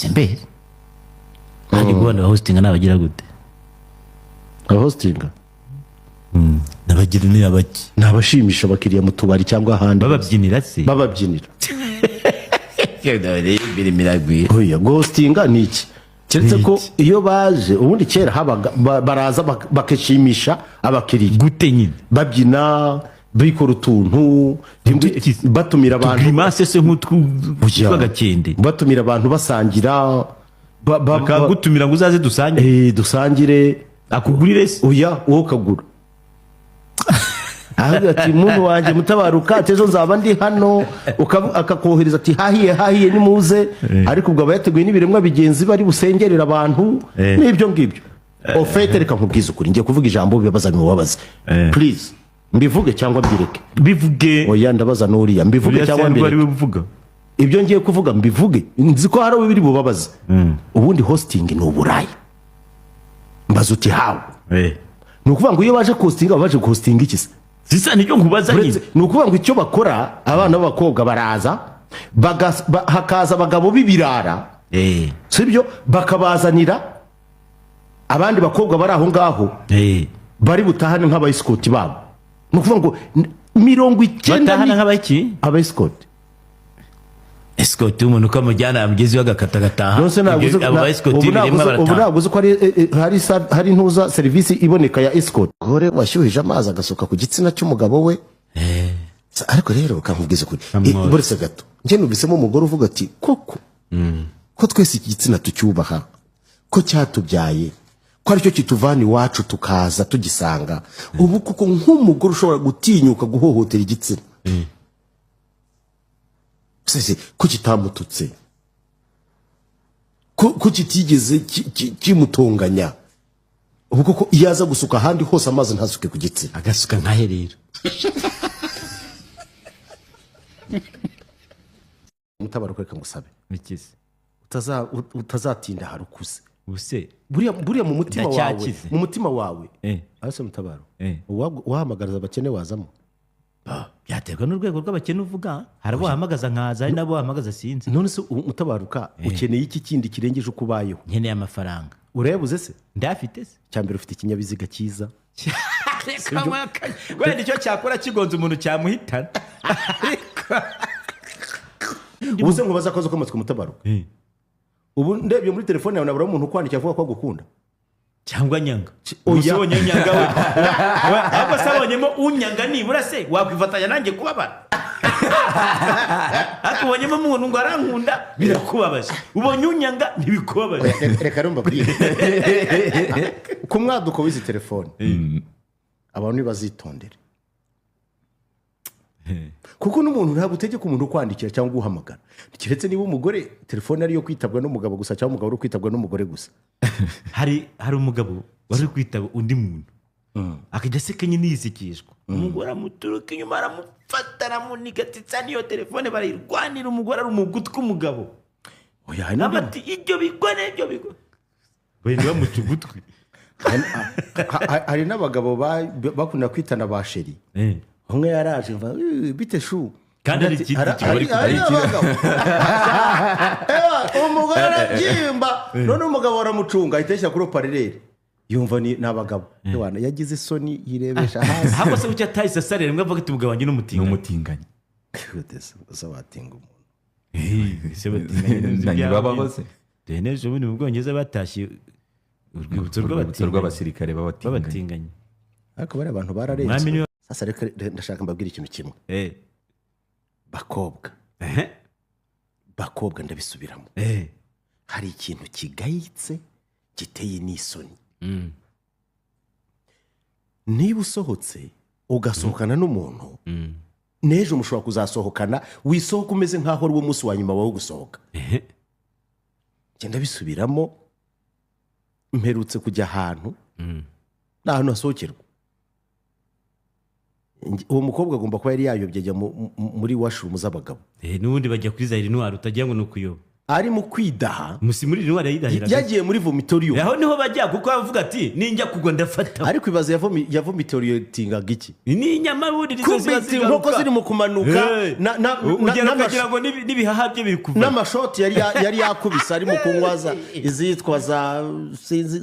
simbe nanjye kubona abahositinga ni abagira gute abahositinga nabagira ni abaki ni abashimisha abakiriya mu tubari cyangwa ahandi bababyinira se bababyinira oya guhositinga ni iki keretse ko iyo baje ubundi kera habaga baraza bakishimisha abakiriya gute nyine babyina dukora utuntu batumira abantu tugwimase se nk'utw'agakende batumira abantu basangira bakagutumira ngo uzaze dusangire eh, dusangire akugurire se uya uwo kagura ahubwo ati muntu wanjye mutabaruka ejo nzaba ndi hano akakohereza ati hahiye hahiye nimuze eh. ariko ubwo aba yateguye n'ibiremwa bigenzi bari busengerera abantu eh. n'ibyo ngibyo ofete reka nkubwize ukuri ngiye kuvuga ijambo bibabaza ntiwabaze purize mbivuge cyangwa mbireke bivuge oya ndabaza n'uriya mbivuge cyangwa mbireke ibyo ngiye kuvuga mbivuge nzi ko hari biri bubabaze hmm. ubundi hositingi ni uburayi mbaza uti hawe eh. ni ukuvuga ngo iyo baje kositinga baba baje kositinga iki se zisa nicyo nkubaza ni ukuvuga ngo icyo bakora abana b'abakobwa baraza hakaza abagabo b'ibirara eh. si byo bakabazanira abandi bakobwa bari aho ngaho eh. bari butahane nk'abayisikoti babo ni ukuvuga ngo mirongo icyenda batahana nk'abaki aba esikoti esikoti y'umuntu uko amujyana yamugezeho agakata agataha abo ntabwo uzi ko e, e, hari ntuza serivisi iboneka ya esikoti gore washyuhije amazi agasuka ku gitsina cy'umugabo we eh. ariko rero kamubwiza ukuri buretse gato njye umugore uvuga ati koko mm. ko twese iki gitsina tucyubaha ko cyatubyaye ko aricyo kituvana iwacu tukaza tugisanga ubu kuko nk'umugore ushobora gutinyuka guhohotera igitsina mm. ko kitamututse ko kitigeze kimutunganya ubu kuko iyo aza gusuka ahandi hose amazi ntasuke ku gitsina agasuka nkahe rero mutabaruka reka ngusabe utazatinda harukuze ubuse buriya mu mutima wawe mu mutima wawe arase eh. mutabaro eh. wahamagariza abakene wazamo ah, byaterwa n'urwego rw'abakene uvuga hari abo wahamagaza nkaza hari n'abo wahamagaza sinzi none se mutabaruka eh. ukeneye iki kindi kirengeje uko ubayeho nkeneye amafaranga urayabuze se ndayafite se cya mbere ufite ikinyabiziga cyiza wenda icyo cyakora kigonze umuntu cyamuhitana ubuze nkubaza akazi k'amatwi mutabaruka ubu ndebye muri telefone yawe nabura umuntu ukwandikira avuga ko agukunda cyangwa nyanga uzi wonyine nyanga we ahubwo se abonyemo unyanga nibura se wakwifatanya nanjye kubabara ariko umuntu ngo arankunda birakubabaje ubonye unyanga ntibikubabaje reka rumva bwira ku mwaduko w'izi telefone hmm. abantu ntibazitondere kuko n'umuntu ntabwo utegeka umuntu kwandikira cyangwa uhamagara keretse niba umugore telefone ariyo kwitabwa n'umugabo gusa cyangwa umugabo uri kwitabwa n'umugore gusa hari hari umugabo wari uri kwitaba undi muntu mm. akajya aseka nyine yisekeshwa mm. umugore amuturuka inyuma aramufata aramunika n'iyo telefone barayirwanira umugore ari umugutwi umugabo bati ibyo bigwa n'ibyo bigwa bahita bamuca ugutwi hari n'abagabo bakunda kwitana ba sheri eh. umwe yaraje bite shu kandi ari ikindi kigo umugore arabyimba none umugabo baramucunga ahita yishyira kuri oparireri yumva ni abagabo yagize isoni yirebesha hasi hano se bucya atahise asarira rimwe avuga ati umugabo wanjye ni umutinganyi gusa watinga umuntu ese batinganye babaho se reneje ubundi mu bwongereza batashye urwibutso rw'abasirikare b'abatinganyi ariko bariya abantu bararembye sasa reka ndashaka mbabwira ikintu kimwe eh. bakobwa eh? bakobwa ndabisubiramo eh. hari ikintu kigayitse giteye n'isoni mm. niba usohotse ugasohokana mm. n'umuntu mm. n'ejo mushobora kuzasohokana wisohoka umeze nk'aho ari wo wa nyuma wo gusohoka genda bisubiramo mperutse kujya ahantu ni ahantu hasohokerwa uwo mukobwa agomba kuba yari yayobye ajya muri washurumu z'abagabo eh, n'ubundi bajya kuri za irinuwari utagira ngo ni ukuyoba ari mu kwidaha musi muri irinuwari yidahira yagiye muri vomitoriyo eh, aho niho bajya kuko bavuga ati ninjya kugwa ndafata ariko ibaze ya vomitoriyo tingaga iki ni inyama nizo ziba zigaruka inkoko zirimo kumanuka eh, ukagira ngo n'ibihaha bye biri kuva n'amashoti yari yakubise ari mu kunywa za izitwa za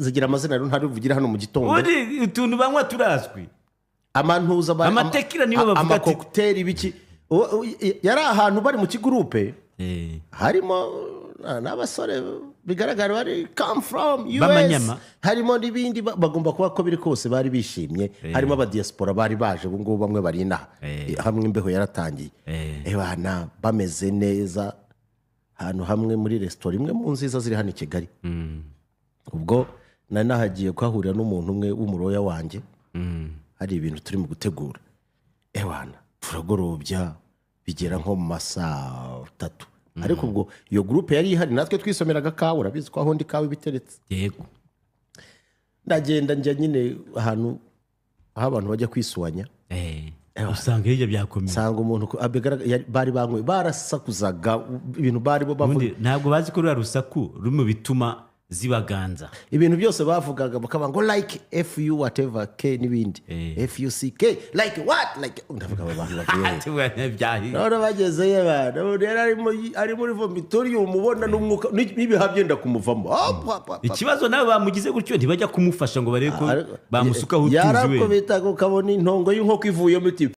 zigira amazina rero ntari buvugire hano mu gitondo utuntu banywa turazwi amantuza amatekira niyo bavuga amakokuteri biki yari ahantu bari mu kigurupe eh. harimo n'abasore bigaragara bari kamu furamu yuwesi harimo n'ibindi bagomba kuba ko biri kose bari bishimye eh. harimo abadiyasipora bari baje ubu ngubu bamwe bari inaha eh. hamwe imbeho yaratangiye ebana bameze neza ahantu hamwe muri resitora imwe mu nziza ziri hano i kigali mm. ubwo nari nahagiye kuhahurira n'umuntu umwe w'umuroya wanjye mm. hari ibintu turimo gutegura ewana turagorobya bigera nko mu masaa atatu mm. ariko ubwo iyo gurupe yari ihari natwe twisomeraga kawa urabizi ko aho ndi kawa iba iteretse yego ndagenda njya nyine ahantu aho abantu bajya kwisuwanya eh. usanga hirya byakomeye usanga umuntu bari banywe barasakuzaga ibintu bari bo bavuga ntabwo bazi ko ruriya rusaku ruri mu bituma zibaganza ibintu byose bavugaga bakaba ngo like fu whatever k n'ibindi hey. Eh. fuck like what like ndavuga abo bantu bagiyeyo eh. bagezeyo abantu rero ari muri vomitorium ubona n'umwuka n'ibiha byenda kumuvamo ikibazo nawe bamugize gutyo ntibajya kumufasha ngo barebe ko bamusukaho utuzi we yarakubitaga ukabona intongo y'inkoko ivuyemo iti